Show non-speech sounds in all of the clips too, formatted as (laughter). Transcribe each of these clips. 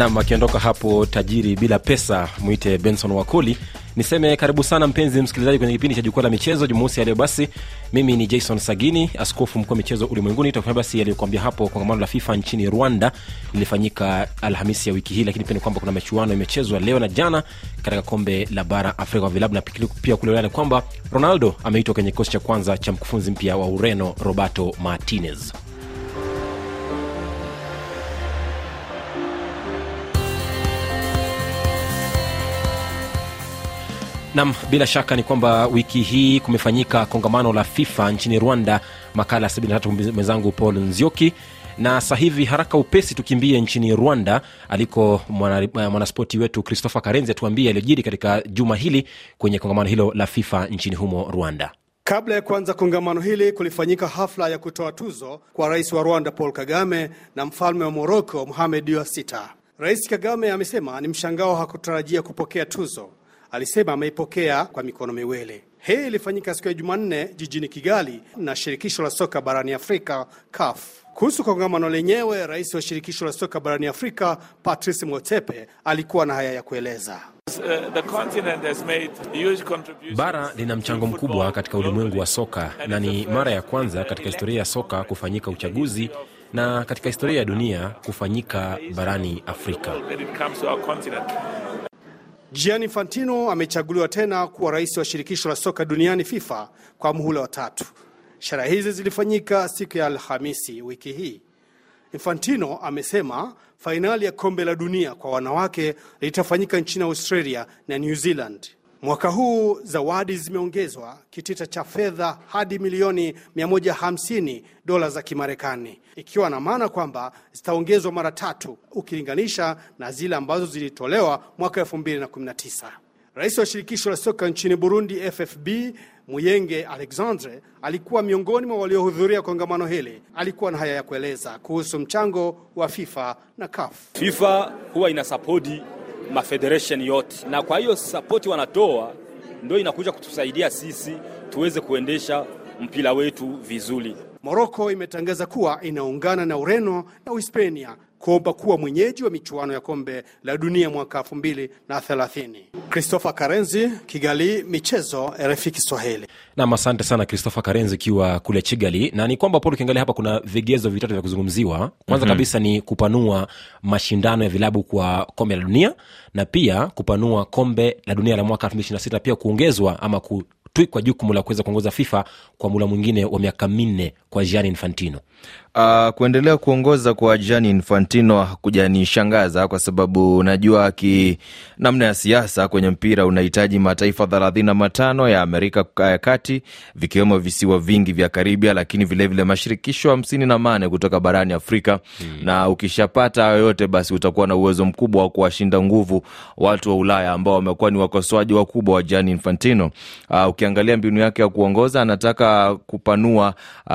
nam akiondoka hapo tajiri bila pesa mwite benson wakoli niseme karibu sana mpenzi msikilizaji kwenye kipindi cha jukwaa la michezo jumausi ya basi mimi ni jason sagini askofu mkuu wa michezo ulimwenguni tofa basi aliyokuambia hapo kongamano la fifa nchini rwanda lilifanyika alhamisi ya wiki hii lakini pia ni kwamba kuna michuano imechezwa leo na jana katika kombe la bara afrika kwa vilabu na pia kule ulaya ni kwamba ronaldo ameitwa kwenye kikosi cha kwanza cha mkufunzi mpya wa ureno roberto martinez Nam, bila shaka ni kwamba wiki hii kumefanyika kongamano la FIFA nchini Rwanda, makala ya 73 mwenzangu Paul Nzioki na sa hivi haraka upesi tukimbie nchini Rwanda aliko mwanaspoti mwana wetu Christopher Karenzi atuambie aliyojiri katika juma hili kwenye kongamano hilo la FIFA nchini humo Rwanda. Kabla ya kuanza kongamano hili, kulifanyika hafla ya kutoa tuzo kwa rais wa Rwanda Paul Kagame na mfalme wa Moroko muhamed wa Sita. Rais Kagame amesema ni mshangao hakutarajia kupokea tuzo alisema ameipokea kwa mikono miwili. Hii ilifanyika siku ya Jumanne jijini Kigali na shirikisho la soka barani Afrika CAF. Kuhusu kongamano lenyewe, rais wa shirikisho la soka barani Afrika Patrice Motsepe alikuwa na haya ya kueleza. Bara lina mchango mkubwa katika ulimwengu wa soka na ni mara ya kwanza katika historia ya soka kufanyika uchaguzi na katika historia ya dunia kufanyika barani Afrika. Gianni Infantino amechaguliwa tena kuwa rais wa shirikisho la soka duniani FIFA kwa muhula wa tatu. Sherehe hizi zilifanyika siku ya Alhamisi wiki hii. Infantino amesema fainali ya kombe la dunia kwa wanawake litafanyika nchini Australia na New Zealand. Mwaka huu zawadi zimeongezwa kitita cha fedha hadi milioni 150 dola za Kimarekani, ikiwa na maana kwamba zitaongezwa mara tatu ukilinganisha na zile ambazo zilitolewa mwaka 2019. Rais wa shirikisho la soka nchini Burundi FFB Muyenge Alexandre alikuwa miongoni mwa waliohudhuria kongamano hili. Alikuwa na haya ya kueleza kuhusu mchango wa FIFA na CAF. FIFA huwa inasapoti mafederation yote, na kwa hiyo sapoti wanatoa ndio inakuja kutusaidia sisi tuweze kuendesha mpira wetu vizuri. Moroko imetangaza kuwa inaungana na Ureno na Uhispania kuomba kuwa mwenyeji wa michuano ya kombe la dunia mwaka elfu mbili na thelathini. Christopher Karenzi, Kigali, michezo, RFI Kiswahili. Nam, asante sana Christopher Karenzi ukiwa kule Kigali. Na ni kwamba Paul ukiangalia hapa kuna vigezo vitatu vya kuzungumziwa. Kwanza mm -hmm. kabisa ni kupanua mashindano ya vilabu kwa kombe la dunia na pia kupanua kombe la dunia la mwaka elfu mbili ishirini na sita na pia kuongezwa ama ku twikwa jukumu la kuweza kuongoza FIFA kwa mula mwingine wa miaka minne kwa Gianni Infantino. Uh, kuendelea kuongoza kwa Gianni Infantino hakujanishangaza kwa sababu najua ki namna ya siasa kwenye mpira unahitaji mataifa matano ya Amerika ya Kati vikiwemo visiwa vingi vya Karibia, lakini vilevile vile mashirikisho mane kutoka barani Afrika hmm. Na ukishapata hayo yote, basi utakuwa na uwezo mkubwa wa kuwashinda nguvu watu wa Ulaya ambao wamekuwa ni wakosoaji wakubwa wa Gianni Infantino. Uh, ukiangalia mbinu yake ya kuongoza, anataka kupanua uh,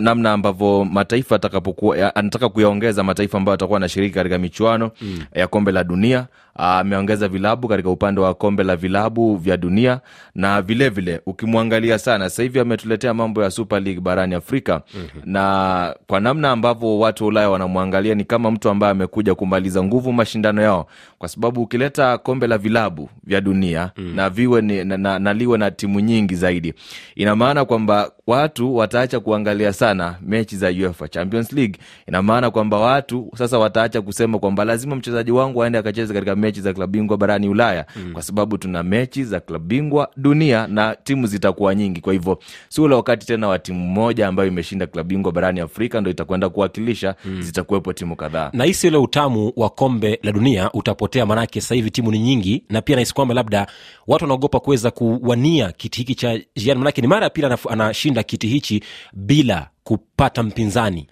namna ambavyo mataifa atakapokuwa anataka kuyaongeza mataifa ambayo atakuwa anashiriki katika michuano mm. ya kombe la dunia ameongeza vilabu katika upande wa kombe la vilabu vya dunia na vilevile vile, ukimwangalia sana sasa hivi ametuletea mambo ya Super League barani Afrika mm-hmm. na kwa namna ambavyo watu wa Ulaya wanamwangalia ni kama mtu ambaye amekuja kumaliza nguvu mashindano yao, kwa sababu ukileta kombe la vilabu vya dunia mm. na viwe ni, na, na, na liwe na timu nyingi zaidi, ina maana kwamba watu wataacha kuangalia sana mechi za UEFA Champions League. Ina maana kwamba watu sasa wataacha kusema kwamba lazima mchezaji wangu aende akacheze katika mechi za klabu bingwa barani Ulaya mm. kwa sababu tuna mechi za klabu bingwa dunia na timu zitakuwa nyingi. Kwa hivyo si ule wakati tena wa timu moja ambayo imeshinda klabu bingwa barani Afrika ndo itakwenda kuwakilisha mm. zitakuwepo timu kadhaa. Nahisi ule utamu wa kombe la dunia utapotea, maanake sasa hivi timu ni nyingi, na pia nahisi kwamba labda watu wanaogopa kuweza kuwania kiti hiki cha Zidane, maanake ni mara ya pili anashinda kiti hichi bila kupata mpinzani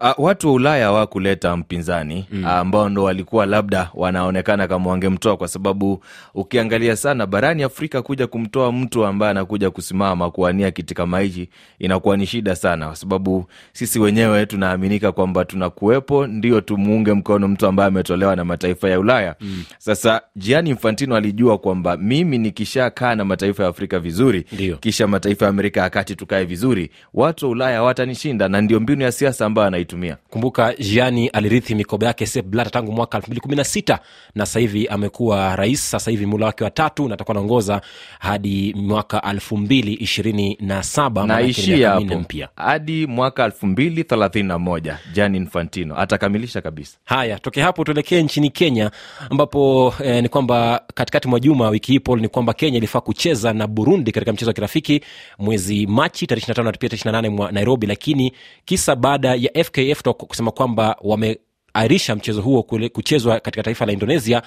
Uh, watu wa Ulaya hawakuleta mpinzani mm. Ah, ambao ndo walikuwa labda wanaonekana kama wangemtoa, kwa sababu ukiangalia sana barani Afrika kuja kumtoa mtu ambaye anakuja kusimama kuwania kiti kama hichi inakuwa ni shida sana, kwa sababu sisi wenyewe tunaaminika kwamba tunakuwepo, ndio tumuunge mkono mtu ambaye ametolewa na mataifa ya Ulaya mm. Sasa Gianni Infantino alijua kwamba mimi nikishakaa na mataifa ya Afrika vizuri Dio. kisha mataifa ya Amerika ya kati tukae vizuri, watu wa Ulaya watanishinda, na ndio mbinu ya siasa ambayo anaitumia kuitumia. Kumbuka jiani alirithi mikoba yake sep Blatter tangu mwaka elfu mbili kumi na sita na sasahivi amekuwa rais, sasahivi mula wake watatu na atakuwa anaongoza hadi mwaka elfu mbili ishirini na saba naishia mpya hadi mwaka elfu mbili thelathini na moja Gianni Infantino atakamilisha kabisa. Haya, toke hapo tuelekee nchini Kenya ambapo eh, ni kwamba katikati mwa juma wiki hii pol ni kwamba Kenya ilifaa kucheza na Burundi katika mchezo wa kirafiki mwezi Machi tarehe ishiri na tano na pia tarehe ishiri na nane mwa Nairobi, lakini kisa baada ya FK FKF kusema kwamba wameairisha mchezo huo kuchezwa katika taifa la Indonesia.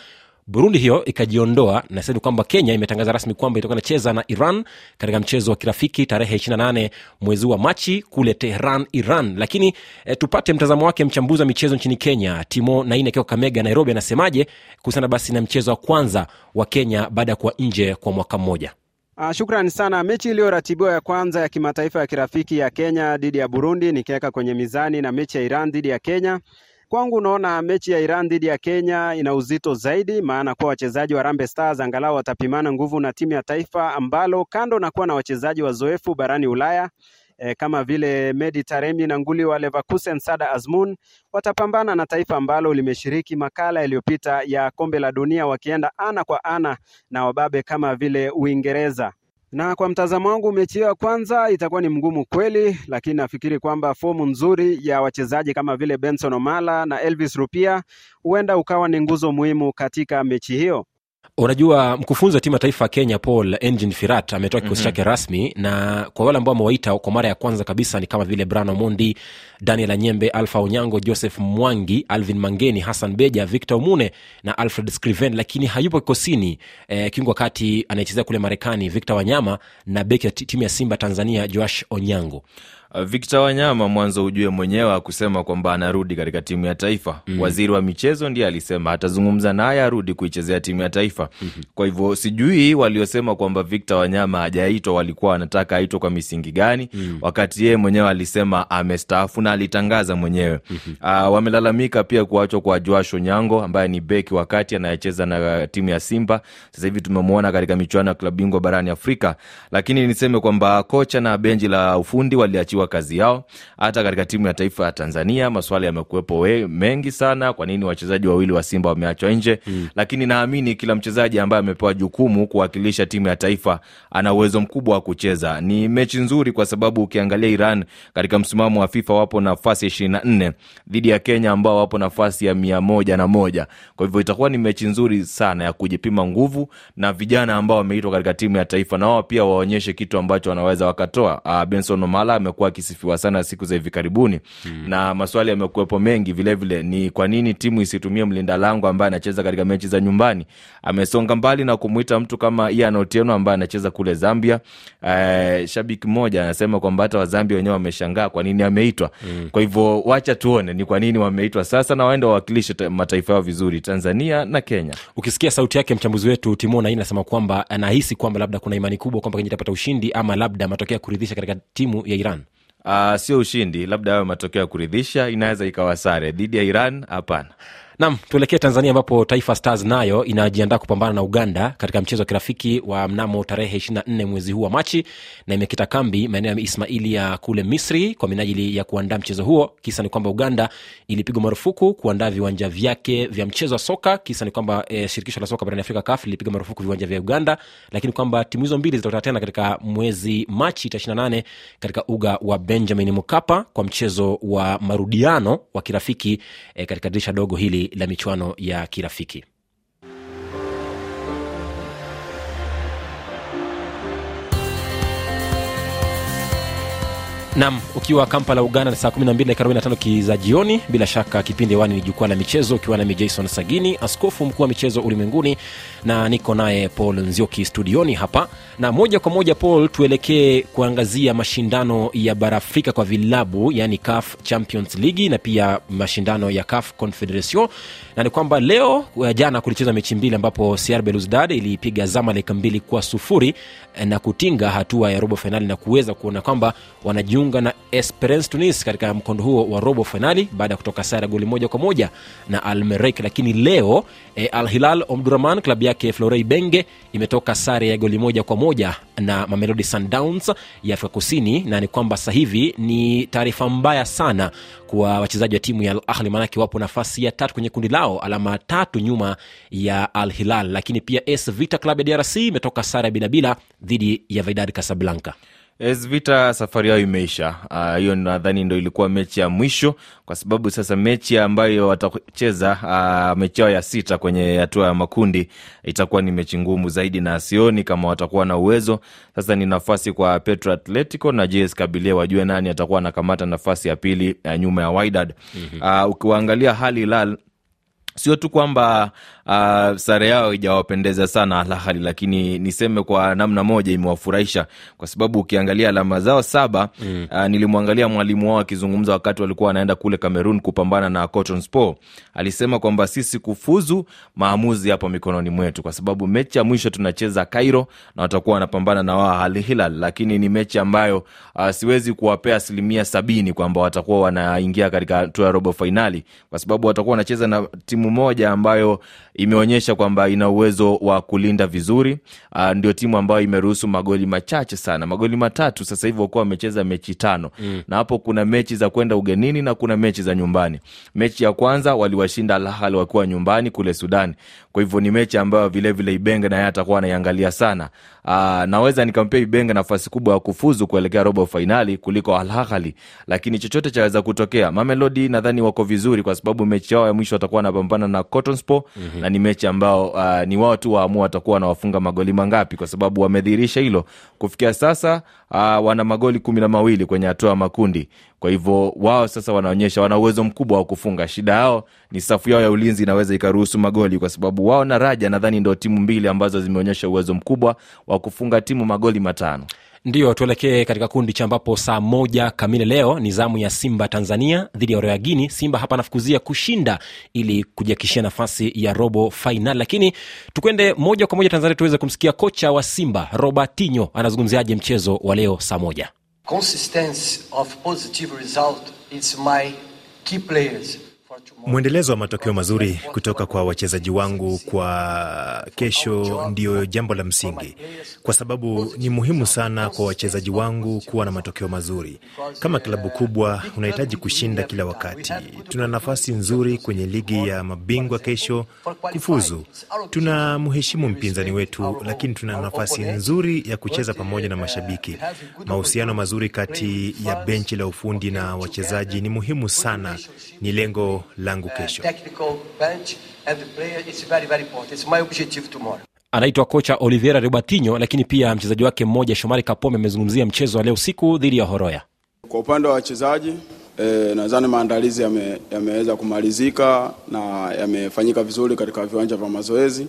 Burundi hiyo ikajiondoa, na sasa ni kwamba Kenya imetangaza rasmi kwamba itakuwa inacheza na Iran katika mchezo wa kirafiki tarehe 28 mwezi wa Machi kule Tehran, Iran. Lakini eh, tupate mtazamo wake mchambuzi wa michezo nchini Kenya, Timo Naine akiwa kamega Nairobi, anasemaje kuhusiana basi na mchezo wa kwanza wa Kenya baada ya kuwa nje kwa mwaka mmoja? Uh, shukrani sana. Mechi iliyoratibiwa ya kwanza ya kimataifa ya kirafiki ya Kenya dhidi ya Burundi nikiweka kwenye mizani na mechi ya Iran dhidi ya Kenya. Kwangu unaona mechi ya Iran dhidi ya Kenya ina uzito zaidi, maana kuwa wachezaji wa Rambe Stars angalau watapimana nguvu na timu ya taifa ambalo kando na kuwa na wachezaji wazoefu barani Ulaya eh, kama vile medi Taremi na nguli wa Leverkusen Sada Azmoun watapambana na taifa ambalo limeshiriki makala yaliyopita ya kombe la dunia wakienda ana kwa ana na wababe kama vile Uingereza na kwa mtazamo wangu mechi hiyo ya kwanza itakuwa ni mgumu kweli, lakini nafikiri kwamba fomu nzuri ya wachezaji kama vile Benson Omala na Elvis Rupia huenda ukawa ni nguzo muhimu katika mechi hiyo. Unajua, mkufunzi wa timu ya taifa Kenya Paul Engin Firat ametoa kikosi mm -hmm. chake rasmi, na kwa wale ambao amewaita kwa mara ya kwanza kabisa ni kama vile brano mondi Daniel Anyembe, Alfa Onyango, Joseph Mwangi, Alvin Mangeni, Hassan Beja, Victor mune na Alfred Scriven, lakini hayupo kikosini eh, kiungo wakati anayechezea kule Marekani Victor Wanyama na beki ya timu ya Simba Tanzania Joash Onyango. Uh, Victor Wanyama mwanzo ujue mwenyewe akusema kwamba anarudi katika timu ya taifa. Mm. Waziri wa michezo ndiye alisema atazungumza naye arudi kuichezea timu ya taifa. Mm -hmm. Kwa hivyo sijui waliosema kwamba Victor Wanyama hajaitwa walikuwa wanataka aitwe kwa misingi gani? Mm. Wakati yeye mwenyewe alisema amestaafu na alitangaza mwenyewe. Mm -hmm. Uh, wamelalamika pia kuachwa kwa Joash Onyango ambaye ni beki wakati anayecheza na uh, timu ya Simba. Sasa hivi tumemwona katika michuano ya klabu bingwa barani Afrika, lakini niseme kwamba kocha na benji la ufundi waliachiwa wanajua kazi yao. Hata katika timu ya taifa ya Tanzania maswali yamekuwepo mengi sana, kwa nini wachezaji wawili wa Simba wameachwa nje? Mm. Lakini naamini kila mchezaji ambaye amepewa jukumu kuwakilisha timu ya taifa ana uwezo mkubwa wa kucheza. Ni mechi nzuri kwa sababu ukiangalia Iran katika msimamo wa FIFA wapo nafasi ya ishirini na nne dhidi ya Kenya ambao wapo nafasi ya mia moja na moja. Kwa hivyo itakuwa ni mechi nzuri sana ya kujipima nguvu na vijana ambao wameitwa katika timu ya taifa, na wao pia waonyeshe kitu ambacho wanaweza wakatoa. Ah, Benson Omala amekuwa akisifiwa sana siku za hivi karibuni mm. na maswali yamekuwepo mengi vilevile vile, ni kwa nini timu isitumie mlinda lango ambaye anacheza katika mechi za nyumbani amesonga mbali na kumwita mtu kama Ian Otieno ambaye anacheza kule Zambia eh, shabiki mmoja anasema kwamba hata Wazambia wenyewe wameshangaa kwa nini ameitwa mm. kwa hivyo wacha tuone ni kwa nini wameitwa sasa na waende wawakilishe mataifa yao vizuri Tanzania na Kenya ukisikia sauti yake mchambuzi wetu Timona Aina anasema kwamba anahisi kwamba labda kuna imani kubwa kwamba Kenya itapata ushindi ama labda matokeo ya kuridhisha katika timu ya Iran uh, sio ushindi, labda ayo matokeo ya kuridhisha, inaweza ikawa sare dhidi ya Iran. Hapana. Nam, tuelekee Tanzania ambapo Taifa Stars nayo inajiandaa kupambana na Uganda katika mchezo wa kirafiki wa mnamo tarehe 24 mwezi huu wa Machi, na imekita kambi maeneo ya Ismaili ya kule Misri kwa minajili ya kuandaa mchezo huo. Kisa ni kwamba Uganda ilipigwa marufuku kuandaa viwanja vyake vya mchezo wa soka. Kisa ni kwamba e, shirikisho la soka barani Afrika kaf lilipiga marufuku viwanja vya Uganda, lakini kwamba timu hizo mbili zitakutana tena katika mwezi Machi 28 katika uga wa Benjamin Mkapa kwa mchezo wa marudiano wa kirafiki e, katika dirisha dogo hili la michuano ya kirafiki. nam ukiwa kampala uganda saa 12 kiza jioni bila shaka kipindi wani ni jukwaa la michezo ukiwa nami jason sagini askofu mkuu wa michezo ulimwenguni na niko naye paul nzioki studioni hapa na moja kwa moja paul tuelekee kuangazia mashindano ya barafrika kwa vilabu yani caf champions league na pia mashindano ya caf confederation na ni kwamba leo eh, jana kulichezwa mechi mbili ambapo cr belusdad ilipiga zamalek mbili kwa sufuri eh, na kutinga hatua ya robo fainali na kuweza kuona kwamba wanajiunga kujiunga na Esperance Tunis katika mkondo huo wa robo fainali baada ya kutoka sare goli moja kwa moja na Al Lakini leo e, Al Hilal Omdurman klabu yake Florey Benge imetoka sare ya goli moja kwa moja na Mamelodi Sundowns ya Afrika Kusini, na ni kwamba sasa hivi ni taarifa mbaya sana kwa wachezaji wa timu ya Al Ahli, maanake wapo nafasi ya tatu kwenye kundi lao, alama tatu nyuma ya Al Hilal. Lakini pia s Vita club ya DRC imetoka sare ya bila bila dhidi ya Wydad Casablanca svita Vita safari yao imeisha. Ah, hiyo uh, nadhani ndo ilikuwa mechi ya mwisho, kwa sababu sasa mechi ambayo watacheza uh, mechi yao ya sita kwenye hatua ya makundi itakuwa ni mechi ngumu zaidi, na sioni kama watakuwa na uwezo. Sasa ni nafasi kwa Petro Atletico na JS kabilia wajue nani atakuwa anakamata nafasi ya pili uh, nyuma ya Wydad. mm -hmm. uh, ukiwaangalia hali lal Sio tu kwamba uh, sare yao ijawapendeza sana Alahali, lakini niseme kwa namna moja imewafurahisha, kwa sababu ukiangalia alama zao saba mm. uh, nilimwangalia mwalimu wao akizungumza wakati walikuwa wanaenda kule Cameroon kupambana na Cotton Sport. Alisema kwamba sisi kufuzu, maamuzi yapo mikononi mwetu, kwa sababu mechi ya mwisho tunacheza Cairo na watakuwa wanapambana na wao Al Hilal, lakini ni mechi ambayo uh, siwezi kuwapea asilimia sabini kwamba watakuwa wanaingia katika hatua ya robo fainali, kwa sababu watakuwa wanacheza na timu timu moja ambayo imeonyesha kwamba ina uwezo wa kulinda vizuri uh, ndio timu ambayo imeruhusu magoli machache sana magoli matatu sasa hivi wakuwa wamecheza mechi tano mm. na hapo kuna mechi za kwenda ugenini na kuna mechi za nyumbani mechi ya kwanza waliwashinda alhal wakiwa nyumbani kule sudani kwa hivyo ni mechi ambayo vilevile ibenga naye atakuwa anaiangalia sana uh, naweza nikampea Ibenga nafasi kubwa ya kufuzu kuelekea robo fainali kuliko Al Ahly, lakini chochote chaweza kutokea. Mamelodi nadhani wako vizuri kwa sababu mechi yao ya mwisho watakuwa wanapambana na Cotonspor mm-hmm. na ni mechi ambao uh, ni wao tu waamua watakuwa wanawafunga magoli mangapi, kwa sababu wamedhihirisha hilo kufikia sasa. Uh, wana magoli kumi na mawili kwenye hatua ya makundi kwa hivyo wao sasa wanaonyesha wana uwezo mkubwa wa kufunga. Shida yao ni safu yao ya ulinzi inaweza ikaruhusu magoli, kwa sababu wao na Raja nadhani ndo timu mbili ambazo zimeonyesha uwezo mkubwa wa kufunga timu magoli matano. ndio tuelekee katika kundi cha ambapo saa moja kamili leo ni zamu ya Simba Tanzania dhidi ya Royal Simba hapa anafukuzia kushinda ili kujiakishia nafasi ya robo fainali, lakini tukwende moja kwa moja Tanzania tuweze kumsikia kocha wa Simba Robertinho anazungumziaje mchezo wa leo saa moja. Consistency of positive result is my key players for mwendelezo wa matokeo mazuri kutoka kwa wachezaji wangu kwa kesho ndiyo jambo la msingi, kwa sababu ni muhimu sana kwa wachezaji wangu kuwa na matokeo mazuri. Kama klabu kubwa, unahitaji kushinda kila wakati. Tuna nafasi nzuri kwenye ligi ya mabingwa kesho kufuzu. Tuna mheshimu mpinzani wetu, lakini tuna nafasi nzuri ya kucheza pamoja na mashabiki. Mahusiano mazuri kati ya benchi la ufundi na wachezaji ni muhimu sana, ni lengo la langu kesho. Anaitwa kocha Oliveira Rebatinho, lakini pia mchezaji wake mmoja Shomari kapome amezungumzia mchezo wa leo siku dhidi ya Horoya. Kwa upande wa wachezaji e, nadhani maandalizi yameweza ya kumalizika na yamefanyika vizuri katika viwanja vya mazoezi,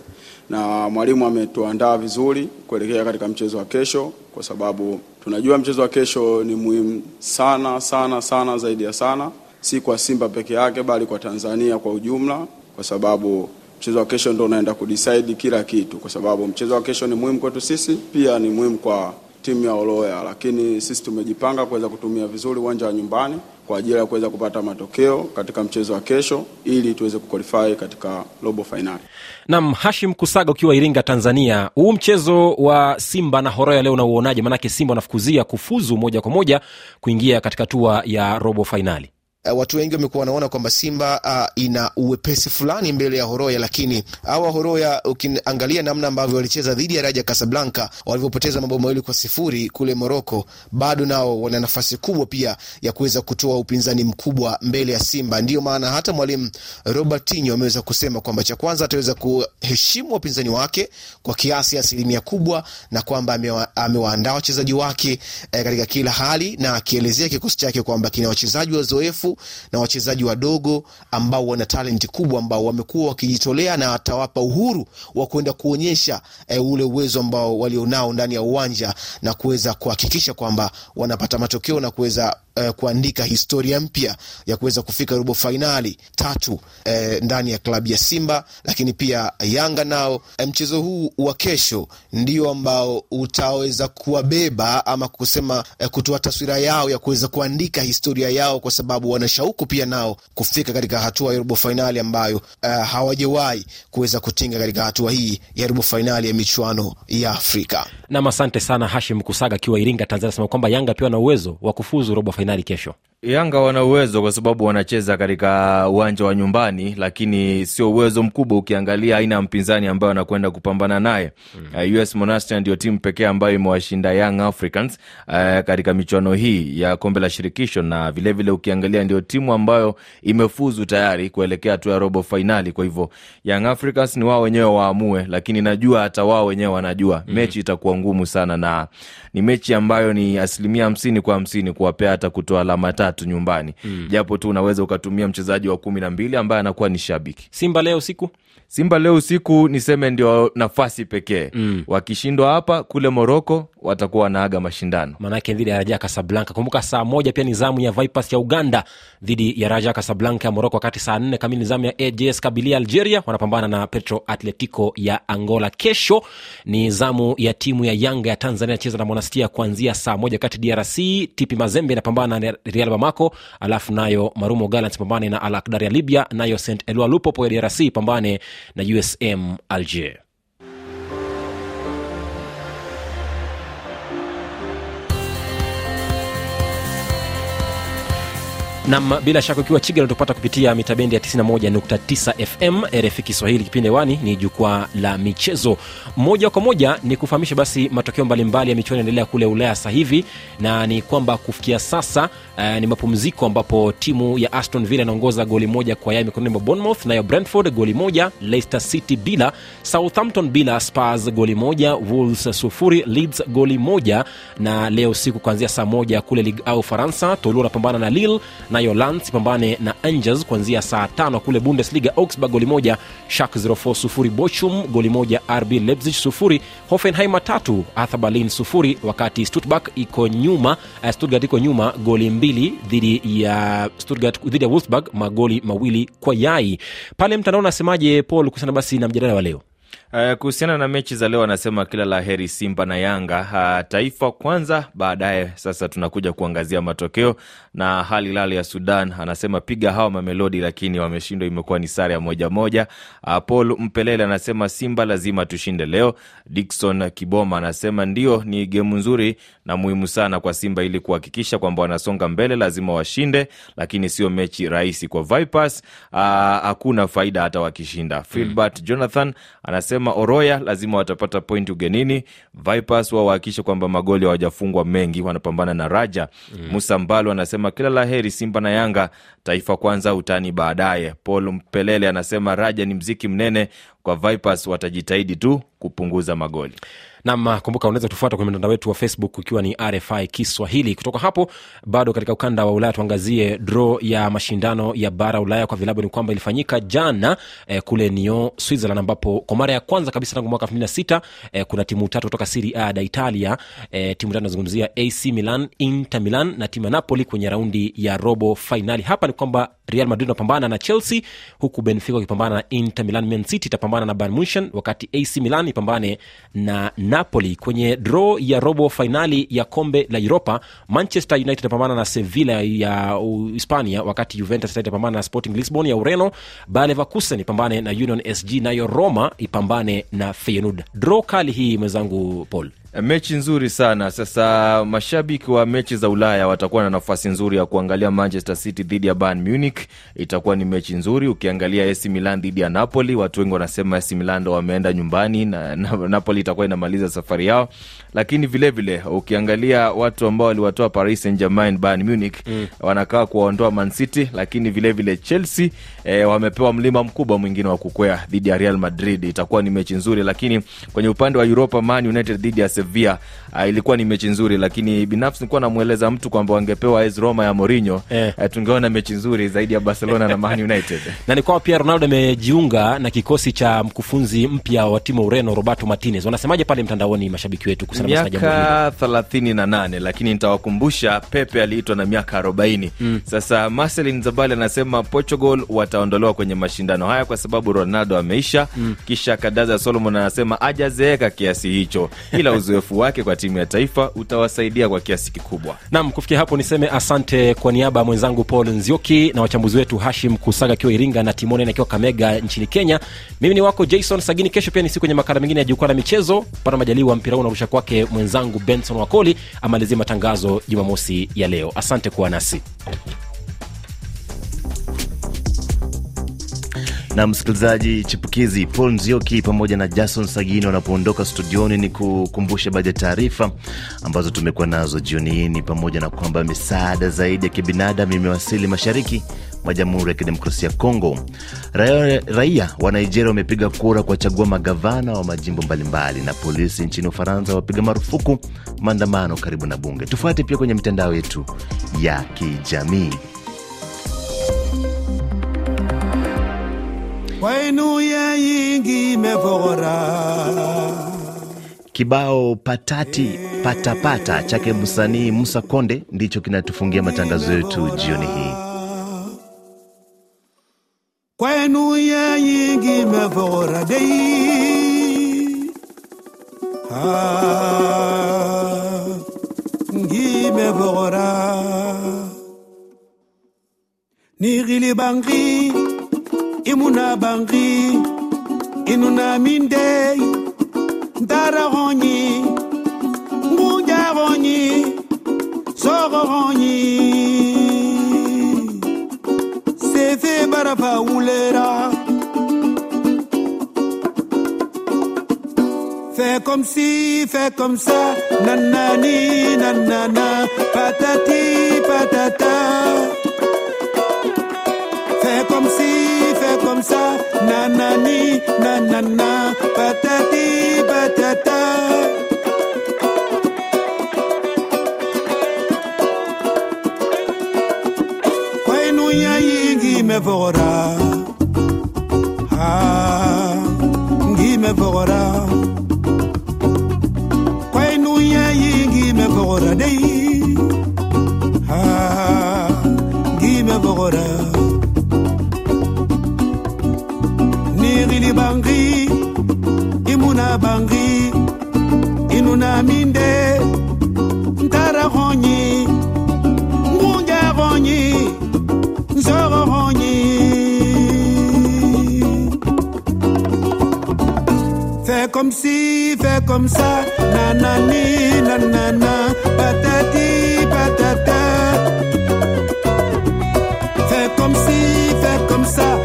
na mwalimu ametuandaa vizuri kuelekea katika mchezo wa kesho, kwa sababu tunajua mchezo wa kesho ni muhimu sana sana sana zaidi ya sana si kwa Simba peke yake, bali kwa Tanzania kwa ujumla, kwa sababu mchezo wa kesho ndio unaenda kudecide kila kitu, kwa sababu mchezo wa kesho ni muhimu kwetu sisi, pia ni muhimu kwa timu ya Oloya, lakini sisi tumejipanga kuweza kutumia vizuri uwanja wa nyumbani kwa ajili ya kuweza kupata matokeo katika mchezo wa kesho ili tuweze kuqualify katika robo fainali. Naam, Hashim Kusaga, ukiwa Iringa, Tanzania, huu mchezo wa Simba na Horoya leo unauonaje? Maanake Simba wanafukuzia kufuzu moja kwa moja kuingia katika hatua ya robo fainali uh, watu wengi wamekuwa wanaona kwamba Simba uh, ina uwepesi fulani mbele ya Horoya, lakini hawa Horoya ukiangalia namna ambavyo walicheza dhidi ya Raja Casablanca walivyopoteza mabao mawili kwa sifuri kule Moroko, bado nao wana nafasi kubwa pia ya kuweza kutoa upinzani mkubwa mbele ya Simba. Ndiyo maana hata mwalimu Robertinho ameweza kusema kwamba cha kwanza ataweza kuheshimu wapinzani wake kwa kiasi asilimia kubwa, na kwamba amewaandaa wachezaji wake eh, katika kila hali, na akielezea kikosi chake kwamba kina wachezaji wazoefu na wachezaji wadogo ambao wana talenti kubwa ambao wamekuwa wakijitolea na atawapa uhuru wa kwenda kuonyesha e, ule uwezo ambao walionao ndani ya uwanja na kuweza kuhakikisha kwamba wanapata matokeo na kuweza e, kuandika historia mpya ya kuweza kufika robo fainali tatu e, ndani ya klabu ya Simba, lakini pia Yanga nao e, mchezo huu wa kesho ndio ambao utaweza kuwabeba ama kusema e, kutoa taswira yao ya kuweza kuandika historia yao kwa sababu wana na shauku pia nao kufika katika hatua ya robo fainali ambayo uh, hawajawahi kuweza kutinga katika hatua hii ya robo fainali ya michuano ya Afrika. Nam, asante sana Hashim Kusaga akiwa Iringa, Tanzania, asema kwamba Yanga pia wana uwezo wa kufuzu robo fainali kesho. Yanga wana uwezo kwa sababu wanacheza katika uwanja wa nyumbani, lakini sio uwezo mkubwa ukiangalia aina ya mpinzani ambayo anakwenda kupambana naye. mm -hmm. Uh, eh, US Monastir ndio timu pekee ambayo imewashinda Young Africans uh, katika michuano hii ya kombe la shirikisho, na vilevile vile ukiangalia ndio timu ambayo imefuzu tayari kuelekea hatua ya robo fainali. Kwa hivyo Young Africans ni wao wenyewe waamue, lakini najua hata wao wenyewe wanajua mm -hmm. mechi itakuwa ngumu sana, na ni mechi ambayo ni asilimia hamsini kwa hamsini kuwapea hata kutoa alama tatu tatu nyumbani mm. japo tu unaweza ukatumia mchezaji wa kumi na mbili ambaye anakuwa ni shabiki simba leo usiku simba leo usiku niseme ndio nafasi pekee mm. wakishindwa hapa kule moroko watakuwa wanaaga mashindano maanake dhidi ya raja kasablanka kumbuka saa moja pia ni zamu ya vipas ya uganda dhidi ya raja kasablanka ya moroko wakati saa nne kamili ni zamu ya ajs kabilia algeria wanapambana na petro atletico ya angola kesho ni zamu ya timu ya yanga ya tanzania cheza na monastia kuanzia saa moja kati drc tipi mazembe inapambana na real bamako alafu nayo marumo gallants pambane na alakdar ya libya nayo st elua lupopo ya drc pambane na usm alger nam bila shaka ukiwa chiga natupata kupitia mitabendi ya 91.9 fm rf kiswahili kipindi wani ni jukwaa la michezo moja kwa moja ni kufahamisha basi matokeo mbalimbali ya michuano yanaendelea kule ulaya sasa hivi na ni kwamba kufikia sasa uh, ni mapumziko ambapo timu ya aston villa inaongoza goli moja kwa yai mikononi mwa bonmouth nayo brentford goli moja leicester city bila southampton bila spars goli moja wols sufuri leeds goli moja na leo siku kuanzia saa moja kule ligue au faransa tolu anapambana na lille nayo lans ipambane na angels kuanzia saa tano kule Bundesliga, Augsburg goli moja, shak 04 sufuri, Bochum goli moja, RB lepzig sufuri, Hoffenheim tatu, arthur Berlin sufuri, wakati stutbak iko nyuma, eh, stutgart iko nyuma goli mbili dhidi ya stutgart dhidi ya Wolfsburg magoli mawili kwa yai. Pale mtandao nasemaje, Paul, kuhusiana basi na mjadala wa leo? Eh, kuhusiana na mechi za leo, anasema kila la heri Simba na Yanga, Taifa kwanza, baadaye sasa tunakuja kuangazia matokeo. Na hali Hilal ya Sudan anasema piga hawa Mamelodi, lakini wameshindwa, imekuwa ni sare ya moja moja. Ah, Paul Mpelele anasema Simba lazima tushinde leo. dikson Kiboma anasema ndio, ni gemu nzuri na muhimu sana kwa Simba ili kuhakikisha kwamba wanasonga mbele, lazima washinde, lakini sio mechi rahisi kwa Vipers. Ah, hakuna faida hata wakishinda. Filbert hmm. Jonathan anasema kama Oroya lazima watapata point ugenini. Vipers wao wahakikishe kwamba magoli hawajafungwa mengi, wanapambana na Raja mm. Musa Mbalo anasema kila la heri Simba na Yanga, taifa kwanza, utani baadaye. Paul Mpelele anasema Raja ni mziki mnene kwa Vipers, watajitahidi tu kupunguza magoli nam kumbuka unaweza tufuata kwenye mtandao wetu wa facebook ukiwa ni rfi kiswahili kutoka hapo bado katika ukanda wa ulaya tuangazie dro ya mashindano ya bara ulaya kwa vilabu ni kwamba ilifanyika jana eh, kule nio switzerland ambapo kwa mara ya kwanza kabisa tangu mwaka 26 eh, kuna timu tatu kutoka siri a da italia eh, timu tatu nazungumzia ac milan inter milan na timu ya napoli kwenye raundi ya robo fainali hapa ni kwamba Real Madrid wanapambana na Chelsea, huku Benfica wakipambana na Inter Milan. Man City itapambana na Bayern Munchen, wakati AC Milan ipambane na Napoli. Kwenye draw ya robo fainali ya kombe la Europa, Manchester United itapambana na Sevilla ya Hispania, wakati Juventus itapambana na Sporting Lisbon ya Ureno. balevacusen ipambane na Union SG, nayo Roma ipambane na Feyenoord. Draw kali hii, mwenzangu Paul. Eh, mechi nzuri sana. Sasa mashabiki wa mechi za Ulaya watakuwa na nafasi nzuri ya kuangalia Manchester City dhidi ya Bayern Munich, itakuwa ni mechi nzuri. Ukiangalia AC Milan dhidi ya Napoli, watu wengi wanasema AC Milan ndo wameenda nyumbani na, na (laughs) Napoli itakuwa inamaliza safari yao, lakini vilevile vile, ukiangalia watu ambao waliwatoa Paris Saint Germain, Bayern Munich mm. wanakaa kuwaondoa Man City, lakini vilevile vile Chelsea e, wamepewa mlima mkubwa mwingine wa kukwea dhidi ya Real Madrid. Itakuwa ni mechi nzuri, lakini kwenye upande wa Europa Man United dhidi ya Sevilla. Uh, ilikuwa ni mechi nzuri, lakini binafsi nilikuwa namweleza mtu kwamba wangepewa AS Roma ya Mourinho eh, uh, tungeona mechi nzuri zaidi ya Barcelona na Man United. (laughs) Na ni kwamba pia Ronaldo amejiunga na kikosi cha mkufunzi mpya wa timu Ureno Roberto Martinez. Wanasemaje pale mtandaoni mashabiki wetu kuhusiana na jambo hili? Miaka 38, lakini nitawakumbusha Pepe aliitwa na miaka arobaini. Mm. Sasa Marcelin Zabali anasema Portugal wataondolewa kwenye mashindano haya kwa sababu Ronaldo ameisha. Mm. Kisha Kadaza Solomon anasema ajazeeka kiasi hicho ila uzoefu (laughs) uzoefu wake kwa timu ya taifa utawasaidia kwa kiasi kikubwa. Nam, kufikia hapo niseme asante kwa niaba ya mwenzangu Paul Nzioki na wachambuzi wetu Hashim Kusaga akiwa Iringa na Timone akiwa Kamega nchini Kenya. Mimi ni wako Jason Sagini. Kesho pia ni siku yenye makala mengine ya jukwaa la michezo, pana majaliwa mpira huu narusha kwake mwenzangu Benson Wakoli amalizie matangazo Jumamosi ya leo. Asante kuwa nasi. na msikilizaji chipukizi Paul Nzioki pamoja na Jason Sagini wanapoondoka studioni, ni kukumbusha baadhi ya taarifa ambazo tumekuwa nazo jioni hii, ni pamoja na kwamba misaada zaidi ya kibinadamu imewasili mashariki mwa Jamhuri ya Kidemokrasia ya Kongo. Raia, raia wa Nigeria wamepiga kura kuwachagua magavana wa majimbo mbalimbali, na polisi nchini Ufaransa wapiga marufuku maandamano karibu na bunge. Tufuate pia kwenye mitandao yetu ya kijamii. kwenu ya yingi mevora Kibao patati patapata chake msanii Musa Konde ndicho kinatufungia matangazo yetu jioni hii. Kwenu ya yingi mevora dei ah, ngi mevogora bangi imuna bangi inuna mindei ndaragonyi c'est fait sefe barafa wulera Fais comme si, fais comme ça, nanani, nanana, patati, patata. Fais comme si. danza, na na ni, na na na, patati patata. Kwenu ya yingi mevora, ha, ngi mevora. Kwenu ya yingi mevora dei, ha, ngi mevora. bangi imuna bangi inuna minde ntara honyi ngunja honyi nzogo honyi fais comme si fais comme ça nanani nanana patati patata fais comme si fais comme ça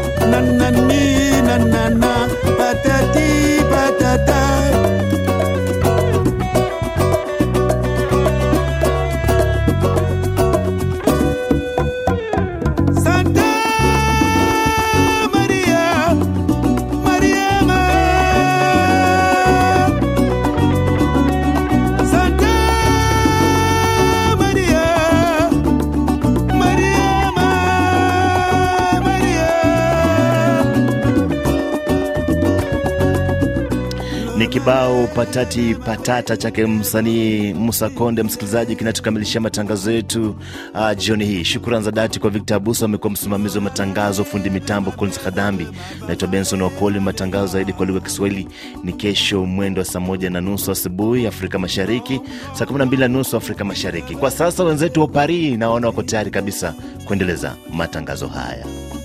kibao patati patata chake msanii Musa Konde, msikilizaji, kinachokamilishia matangazo yetu uh, jioni hii. Shukrani za dhati kwa Victor Abuso, amekuwa msimamizi wa matangazo, fundi mitambo Collins Kadhambi. Naitwa Benson Wakoli. Matangazo zaidi kwa lugha ya Kiswahili ni kesho mwendo wa saa moja na nusu asubuhi Afrika Mashariki, saa kumi na mbili na nusu Afrika Mashariki. Kwa sasa wenzetu wa Paris naona wako tayari kabisa kuendeleza matangazo haya.